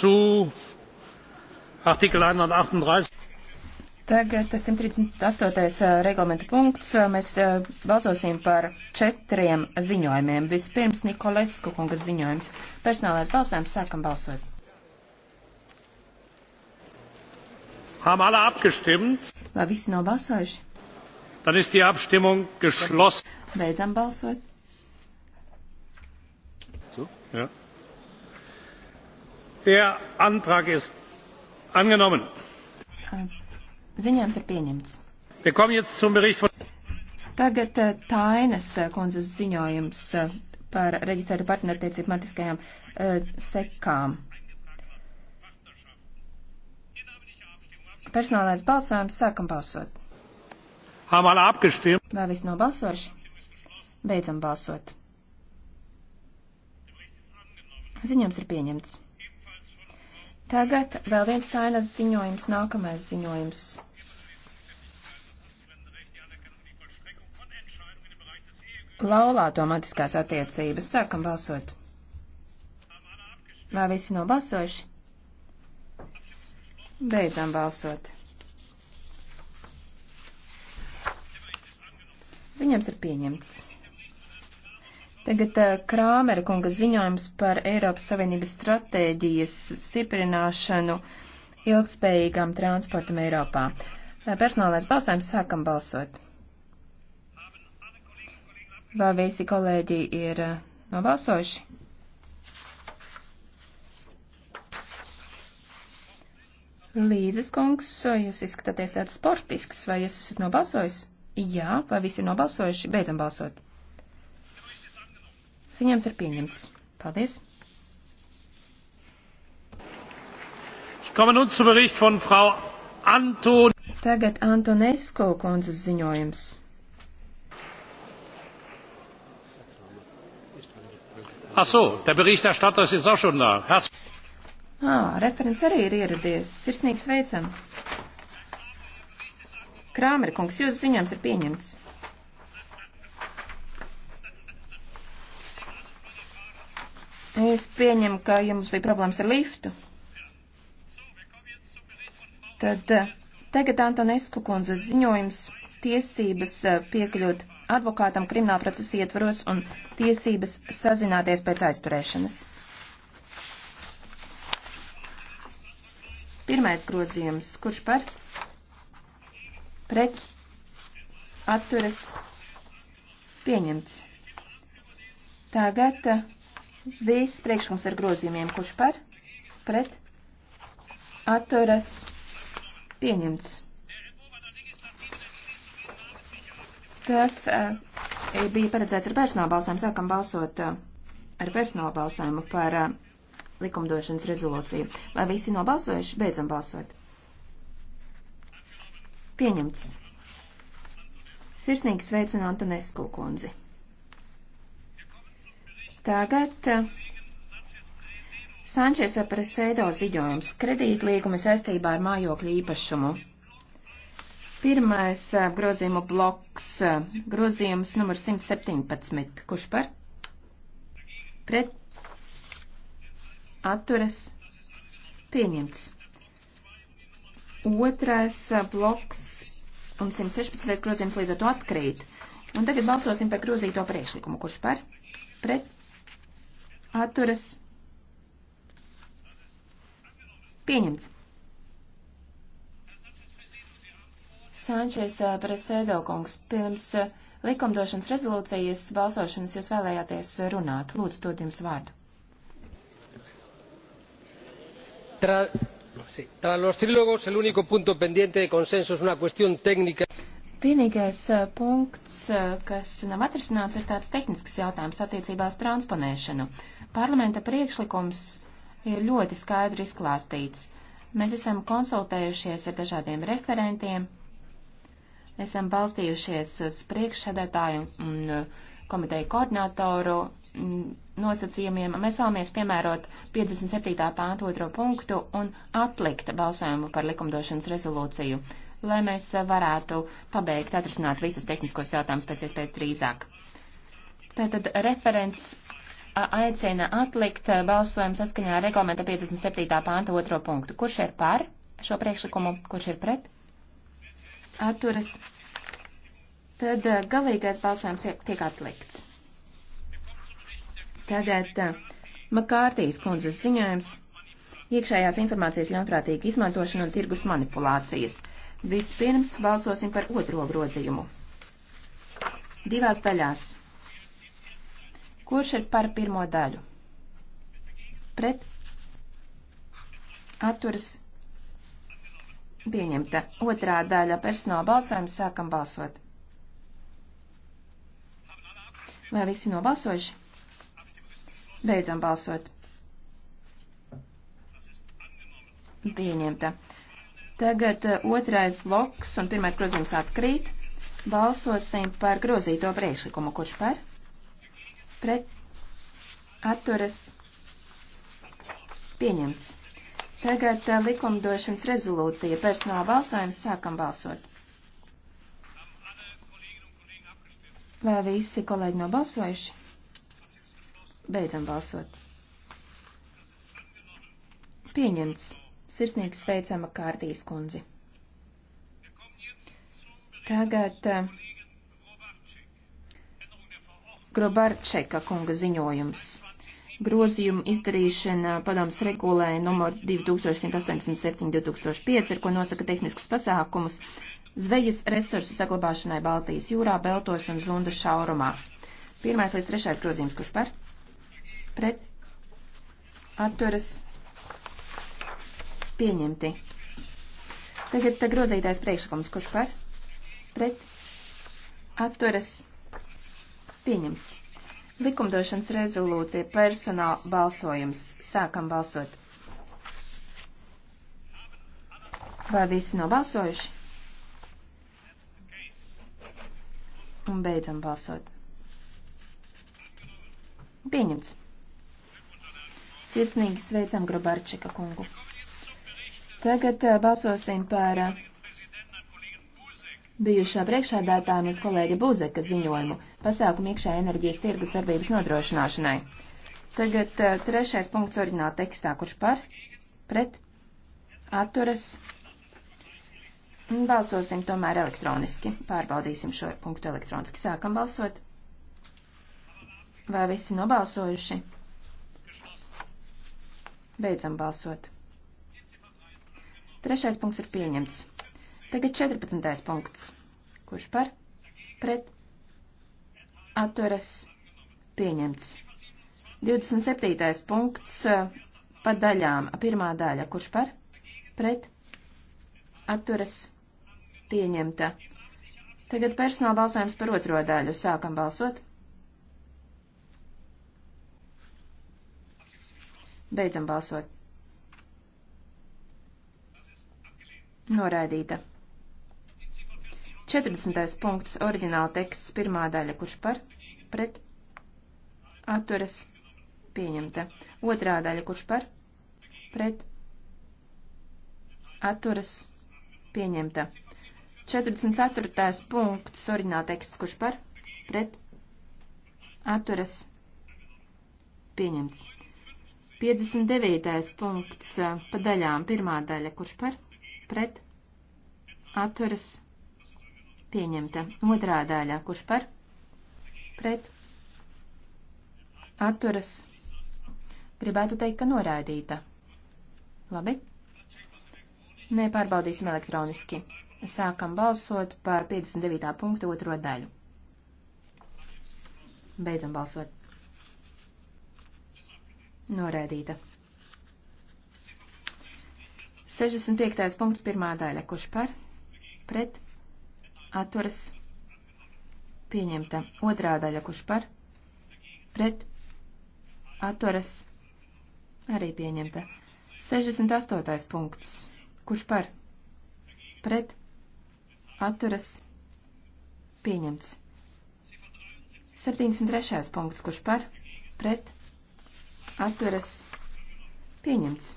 zu Artikel 138. Tagad 138. reglamenta punkts. Mēs balsosim par četriem ziņojumiem. Vispirms Nikolesku kungas ziņojums. Personālais balsojums. Sākam balsot. Haben alle abgestimmt? Vai visi nav balsojuši? Dann ist die Abstimmung geschlossen. Beidzam balsot. So? Ja der antrag ist angenommen. ziņojums ir pieņemts. wir kommen jetzt zum bericht von tagad eh, tainas eh, kundzes ziņojums eh, par reģistrētu partnerattiecību matiskajām sekām. Personālais balsojums sākam balsot. Vai viss nobalsoši? Beidzam balsot. Ziņojums ir pieņemts. Tagad vēl viens tainas ziņojums, nākamais ziņojums. Laulāto matiskās attiecības. Sākam balsot. Vai visi nobalsojuši? Beidzam balsot. Ziņams ir pieņemts. Tagad uh, Krāmera kunga ziņojums par Eiropas Savienības stratēģijas stiprināšanu ilgspējīgām transportam Eiropā. Uh, personālais balsojums sākam balsot. Vai visi kolēģi ir uh, nobalsojuši? Līzes kungs, jūs izskatāties tāds sportisks, vai jūs esat nobalsojis? Jā, vai visi ir nobalsojuši? Beidzam balsot. Ziņojums ir pieņemts. Paldies! Tagad Antonesko kundzes ziņojums. Ach so, der Berichterstatter ist jetzt auch schon da. Herz ah, referents arī ir ieradies. Sirsnīgi sveicam. Krāmer kungs, jūsu ziņojums ir pieņemts. Es pieņemu, ka jums bija problēmas ar liftu. Tad eh, tagad Antonesku kundzes ziņojums tiesības eh, piekļūt advokātam krimināla procesa ietvaros un tiesības sazināties pēc aizturēšanas. Pirmais grozījums, kurš par pret atturas pieņemts. Tagad eh, Viss priekšlikums ar grozījumiem, kurš par, pret, atturas, pieņemts. Tas uh, bija paredzēts ar personāla balsojumu. Sākam balsot uh, ar personāla balsojumu par uh, likumdošanas rezolūciju. Vai visi nobalsojuši? Beidzam balsot. Pieņemts. Sirsnīgi sveicinu Antonesku kundzi. Tagad eh, Sančesa Presēdo ziņojums - kredītlīgumi saistībā ar mājokļu īpašumu. Pirmais eh, grozījumu bloks eh, - grozījums numur 117. Kurš par? Pret. Atturas. Pieņemts. Otrais bloks un 116. grozījums līdz ar to atkrīt. Un tagad balsosim par grozīto priekšlikumu. Kurš par? Pret atturas pieņemts. Sančies eh, Presēdo kungs, pirms eh, likumdošanas rezolūcijas balsošanas jūs vēlējāties runāt. Lūdzu, dod jums vārdu. Tra, sí, tra los trílogos, el único punto pendiente de consenso es una cuestión técnica. Vienīgais eh, punkts, eh, kas nav atrisināts, ir tāds tehnisks jautājums attiecībā uz transponēšanu. Parlamenta priekšlikums ir ļoti skaidri izklāstīts. Mēs esam konsultējušies ar dažādiem referentiem, esam balstījušies uz priekšsēdētāju un eh, komiteju koordinatoru mm, nosacījumiem. Mēs vēlamies piemērot 57. pāntu otro punktu un atlikt balsojumu par likumdošanas rezolūciju lai mēs varētu pabeigt atrisināt visus tehniskos jautājumus pēc iespējas drīzāk. Tātad referents aicina atlikt balsojumu saskaņā ar reglamenta 57. pānta otro punktu. Kurš ir par šo priekšlikumu, kurš ir pret? Atturas. Tad galīgais balsojums tiek atlikts. Tagad Makārtīs kundzes ziņojums iekšējās informācijas ļaunprātīga izmantošana un tirgus manipulācijas. Vispirms balsosim par otro grozījumu. Divās daļās. Kurš ir par pirmo daļu? Pret atturas pieņemta. Otrā daļa personāla balsojuma sākam balsot. Vai visi nobalsojuši? Beidzam balsot. Pieņemta. Tagad eh, otrais bloks un pirmais grozījums atkrīt. Balsosim par grozīto priekšlikumu. Kurš par? Pret. Atturas. Pieņemts. Tagad eh, likumdošanas rezolūcija. Personāla balsojums. Sākam balsot. Vai visi kolēģi nobalsojuši? Beidzam balsot. Pieņemts. Sirsnīgi sveicama Kārdīs kundzi. Tagad eh, Grobarčeka kunga ziņojums. Grozījumu izdarīšana padoms regulē numur 2187-2005, ar ko nosaka tehniskus pasākumus zvejas resursu saglabāšanai Baltijas jūrā, Beltos un Žunda šaurumā. Pirmais līdz trešais grozījums, kurš par? Pret? Atturas? pieņemti. Tagad tā grozītais priekšlikums, kurš par, pret, atturas, pieņemts. Likumdošanas rezolūcija, personāla balsojums, sākam balsot. Vai visi nobalsojuši? Un beidzam balsot. Pieņemts. Sirsnīgi sveicam Grobarčika kungu. Tagad eh, balsosim par eh, bijušā priekšādātāja mēs kolēģa Buzeka ziņojumu pasākumu iekšē enerģijas tirgus darbības nodrošināšanai. Tagad eh, trešais punkts oriģināla tekstā, kurš par, pret, atturas. Balsosim tomēr elektroniski. Pārbaudīsim šo punktu elektroniski. Sākam balsot. Vai visi nobalsojuši? Beidzam balsot. Trešais punkts ir pieņemts. Tagad 14. punkts. Kurš par? Pret. Atturas. Pieņemts. 27. punkts eh, pa daļām. Pirmā daļa. Kurš par? Pret. Atturas. Pieņemta. Tagad personāla balsojums par otro daļu. Sākam balsot. Beidzam balsot. Noraidīta. 40. punkts, oriģināla teksts, pirmā daļa, kurš par, pret, atturas, pieņemta. Otrā daļa, kurš par, pret, atturas, pieņemta. 44. punkts, oriģināla teksts, kurš par, pret, atturas, pieņemts. 59. punkts, pa daļām, pirmā daļa, kurš par, pret atturas pieņemta. Otrā daļā, kurš par pret atturas gribētu teikt, ka norādīta. Labi? Nē, pārbaudīsim elektroniski. Sākam balsot par 59. punktu otro daļu. Beidzam balsot. Norēdīta. 65. punkts pirmā daļa. Kurš par? Pret? Atturas? Pieņemta. Otrā daļa. Kurš par? Pret? Atturas? Arī pieņemta. 68. punkts. Kurš par? Pret? Atturas? Pieņemts. 73. punkts. Kurš par? Pret? Atturas? Pieņemts.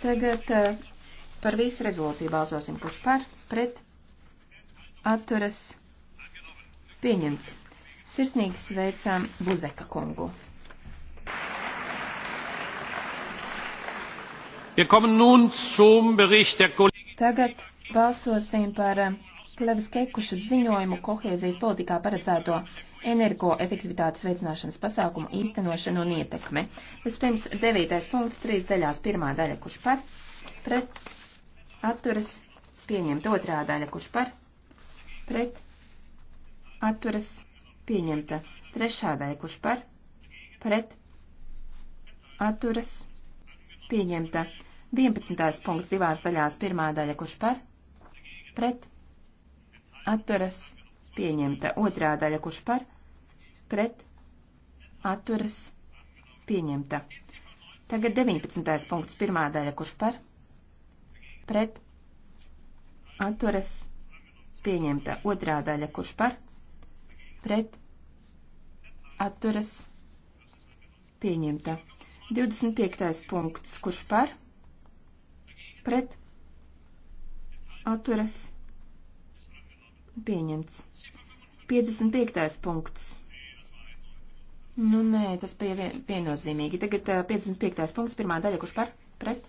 Tagad eh, par visu rezolūciju balsosim, kurš par, pret, atturas, pieņemts. Sirsnīgi sveicām Buzeka kungu. Tagad balsosim par eh, Klevas Kekušas ziņojumu kohēzijas politikā paredzēto energoefektivitātes veicināšanas pasākumu īstenošanu un ietekme. Vispirms 9. punkts, 3 daļās, pirmā daļa, kurš par, pret, atturas, pieņemta otrā daļa, kurš par, pret, atturas, pieņemta trešā daļa, kurš par, pret, atturas, pieņemta 11. punkts, divās daļās, pirmā daļa, kurš par, pret, atturas pieņemta. Otrā daļa, kurš par, pret, atturas pieņemta. Tagad 19. punkts, pirmā daļa, kurš par, pret, atturas pieņemta. Otrā daļa, kurš par, pret, atturas pieņemta. 25. punkts, kurš par, pret, atturas pieņemta atturas Pieņemts. 55. punkts. Nu, nē, tas bija vien, viennozīmīgi. Tagad uh, 55. punkts, pirmā daļa, kurš par? Pret?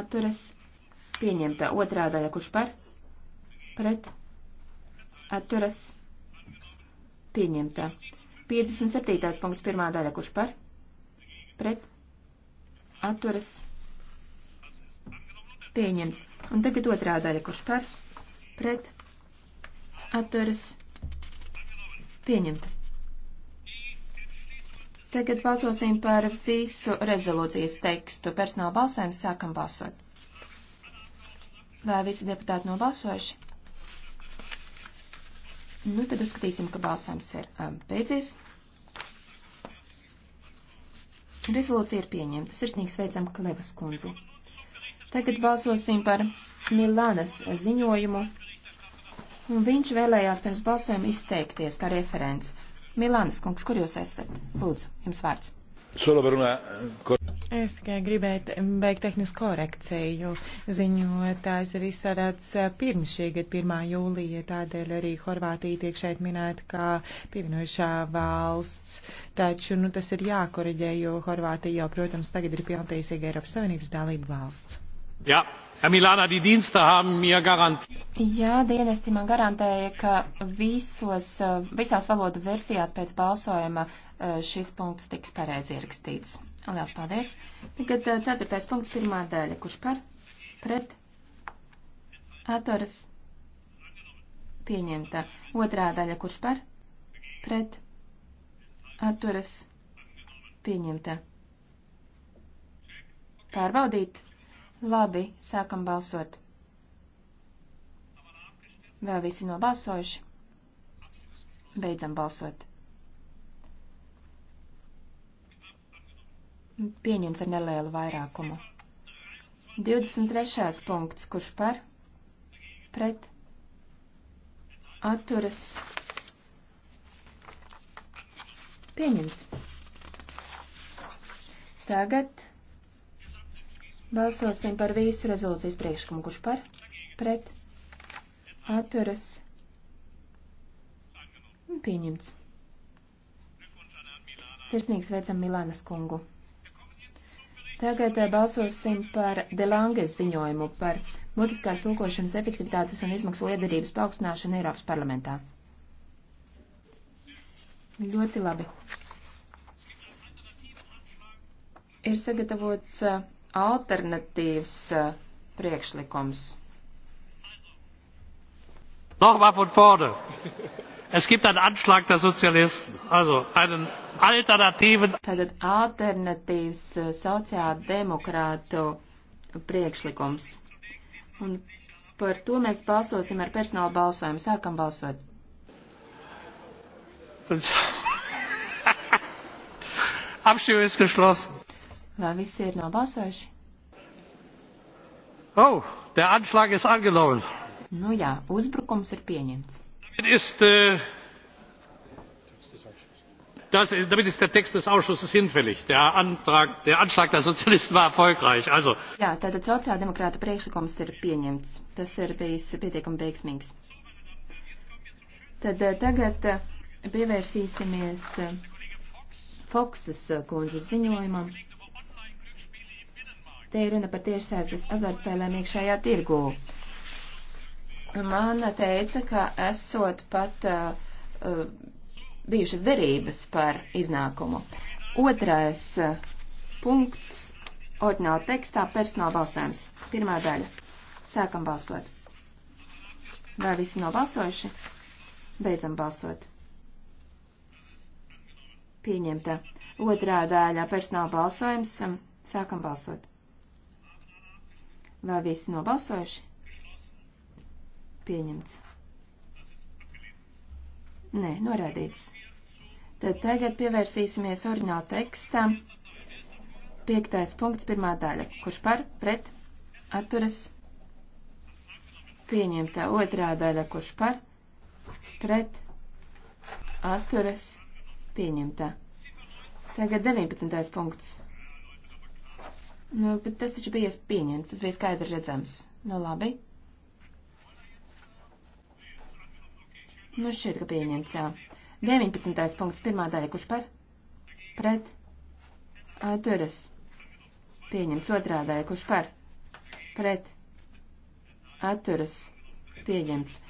Atturas. Pieņemta. Otrā daļa, kurš par? Pret? Atturas. Pieņemta. 57. punkts, pirmā daļa, kurš par? Pret? Atturas. Pieņemts. Un tagad otrā daļa, kurš par? Pret? atturas pieņemta. Tagad balsosim par visu rezolūcijas tekstu. Personāla balsojums sākam balsot. Vai visi deputāti nobalsojuši? Nu, tad uzskatīsim, ka balsojums ir um, beidzies. Rezolūcija ir pieņemta. Sirsnīgi sveicam Klevas kundzi. Tagad balsosim par Milānas ziņojumu un viņš vēlējās pirms balsojuma izteikties kā referents. Milānas kungs, kur jūs esat? Lūdzu, jums vārds. Eh, es tikai gribēju beigt tehnisku korekciju. Ziņotājs ir izstrādāts eh, pirms šī gada 1. jūlija, tādēļ arī Horvātija tiek šeit minēta kā pievienojušā valsts. Taču nu, tas ir jākoriģē, jo Horvātija jau, protams, tagad ir pilntiesīga Eiropas Savienības dalība valsts. Jā, ja. Herr Milana, die Dienste haben mir garantiert. Jā, dienesti man garantēja, ka visos, visās valodu versijās pēc balsojuma eh, šis punkts tiks pareizi ierakstīts. Lielas paldies. Tagad eh, ceturtais punkts, pirmā daļa. Kurš par? Pret? Atturas? Pieņemta. Otrā daļa. Kurš par? Pret? Atturas? Pieņemta. Pārbaudīt. Labi, sākam balsot. Vēl visi nobalsojuši? Beidzam balsot. Pieņems ar nelielu vairākumu. 23. punkts, kurš par, pret, atturas, pieņems. Tagad Balsosim par visu rezolūcijas priekšlikumu. Kurš par? Pret? Atturas? Pieņemts. Sirsnīgi sveicam Milānas kungu. Tagad eh, balsosim par Delanges ziņojumu par mutiskās tulkošanas efektivitātes un izmaksu liederības paaugstināšanu Eiropas parlamentā. Ļoti labi. Ir sagatavots eh, alternatīvs eh, priekšlikums. Nochmal von vorne. Es gibt einen Anschlag der Sozialisten, also einen alternativen. Tātad alternatīvs eh, sociāldemokrātu priekšlikums. Un par to mēs balsosim ar personālu balsojumu. Sākam balsot. Abstimmung ist geschlossen. Vai visi ir nobalsojuši? Oh, der Anschlag ist angenommen. Nu jā, uzbrukums ir pieņemts. Damit ist, äh, das, damit ist der Text des Ausschusses hinfällig. Der, Antrag, der Anschlag der Sozialisten war erfolgreich. Also. Jā, tātad sociāldemokrāta priekšlikums ir pieņemts. Tas ir bijis pietiekami veiksmīgs. Tad eh, tagad eh, pievērsīsimies eh, Foksas kundzes ziņojumam. Te ir runa par tiešsaistes azartspēlēm iekšējā tirgū. Man teica, ka esot pat uh, uh, bijušas derības par iznākumu. Otrais uh, punkts oriģināla tekstā - personāla balsojums. Pirmā daļa. Sākam balsot. Vai visi nav balsojuši? Beidzam balsot. Pieņemta. Otrā daļā personāla balsojums. Sākam balsot. Vai visi nobalsojuši? Pieņemts. Nē, norādīts. Tad tagad pievērsīsimies orinālu tekstam. Piektais punkts, pirmā daļa. Kurš par, pret, atturas, pieņemtā. Otrā daļa, kurš par, pret, atturas, pieņemtā. Tagad 19. punkts. Nu, bet tas taču bija pieņemts, tas bija skaidri redzams. Nu, labi. Nu, šķiet, ka pieņemts, jā. 19. punkts, pirmā daļa, kurš par? Pret? Atturas. Pieņemts otrā daļa, kurš par? Pret? Atturas. Pieņemts.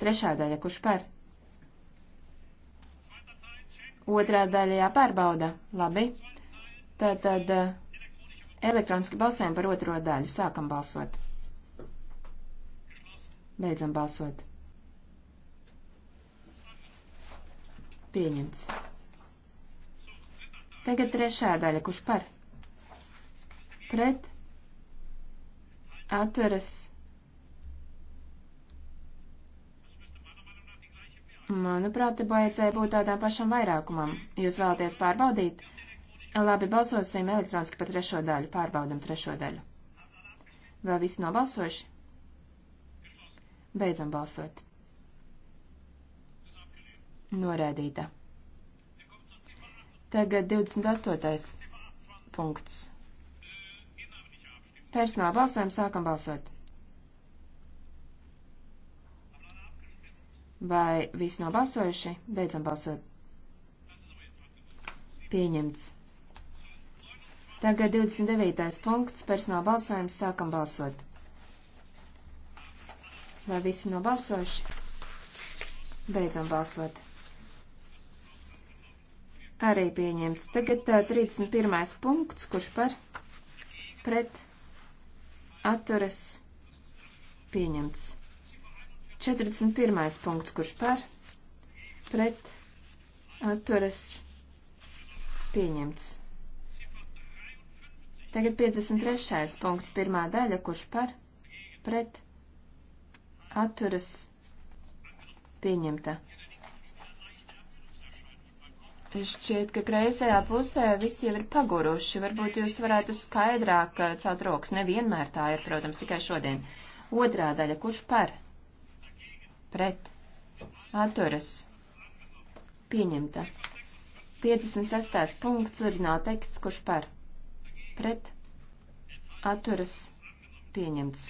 Trešā daļa, kurš par? Otrā daļa jāpārbauda. Labi. Tātad. Tā, Elektroniski balsojam par otro daļu. Sākam balsot. Beidzam balsot. Pieņemts. Tagad trešā daļa. Kurš par? Pret. Atveras. Manuprāt, te vajadzēja būt tādām pašam vairākumam. Jūs vēlaties pārbaudīt? Labi, balsosim elektroniski par trešo daļu. Pārbaudam trešo daļu. Vēl visi nobalsojuši? Beidzam balsot. Norēdīta. Tagad 28. punkts. Personāla balsojumu sākam balsot. Vai visi nobalsojuši? Beidzam balsot. Pieņemts. Tagad 29. punkts, personāla balsojums, sākam balsot. Vai visi nobalsojuši? Beidzam balsot. Arī pieņemts. Tagad tā, 31. punkts, kurš par pret atturas pieņemts. 41. punkts, kurš par pret atturas pieņemts. Tagad 53. punkts, pirmā daļa, kurš par, pret, atturas, pieņemta. Šķiet, ka kreisajā pusē visi jau ir paguruši. Varbūt jūs varētu skaidrāk eh, celt rokas. Nevienmēr tā ir, protams, tikai šodien. Otrā daļa, kurš par? Pret. Atturas. Pieņemta. 56. punkts, oriģināla teksts, kurš par? pret atturas pieņemts.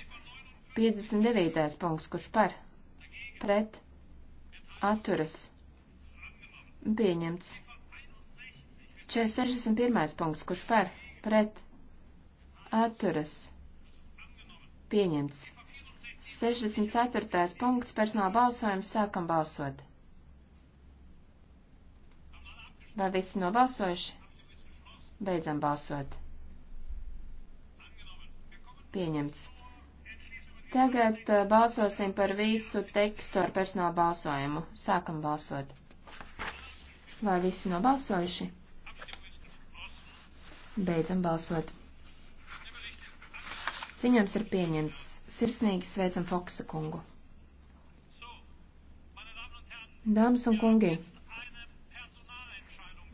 59. punkts, kurš par pret atturas pieņemts. 461. punkts, kurš par pret atturas pieņemts. 64. punkts, personāla balsojums, sākam balsot. Vai visi nobalsojuši? Beidzam balsot. Pieņemts. Tagad uh, balsosim par visu tekstu ar personālu balsojumu. Sākam balsot. Vai visi nobalsojuši? Beidzam balsot. Ziņojums ir pieņemts. Sirsnīgi sveicam Foksa kungu. Dāmas un kungi!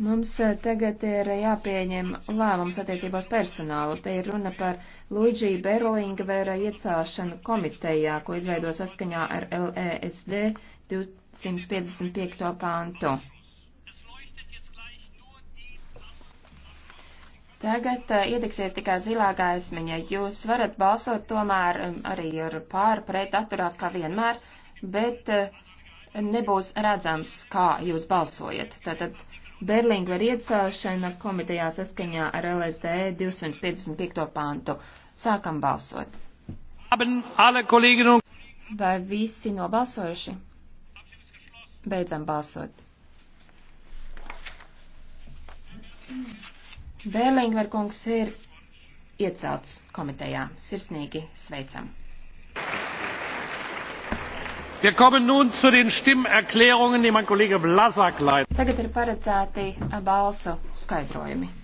Mums eh, tagad ir jāpieņem lēmums attiecībās personālu. Te ir runa par Luigi Berlinga vēra iecāšanu komitejā, ko izveido saskaņā ar LESD 255. pāntu. Tagad uh, iedegsies tikai zilā gaismiņa. Jūs varat balsot tomēr um, arī ar pār, pret, atturās kā vienmēr, bet uh, nebūs redzams, kā jūs balsojat. Tātad, Berlingver iecelšana komitejā saskaņā ar LSD 255. pantu. Sākam balsot. Vai visi nobalsojuši? Beidzam balsot. Berlingver kungs ir iecelts komitejā. Sirsnīgi sveicam! Wir kommen nun zu den Stimmerklärungen, die mein Kollege Vlasak leitet. Tagad ir paredzēti balsu skaidrojumi.